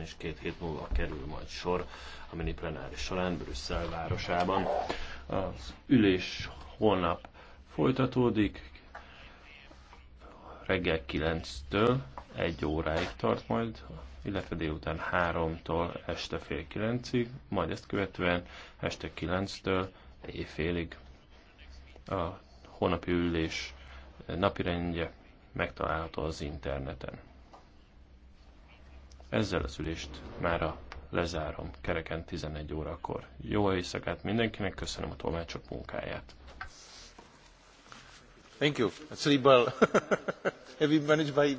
és két hét múlva kerül majd sor a mini plenáris során Brüsszel városában. Az ülés holnap folytatódik, reggel 9-től 1 óráig tart majd, illetve délután 3-tól este fél 9-ig, majd ezt követően este 9-től éjfélig. A holnapi ülés napirendje megtalálható az interneten. Ezzel az ülést mára lezárom kereken 11 órakor. Jó éjszakát mindenkinek, köszönöm a tolmácsok munkáját. Thank you. Sleep well. Have you managed by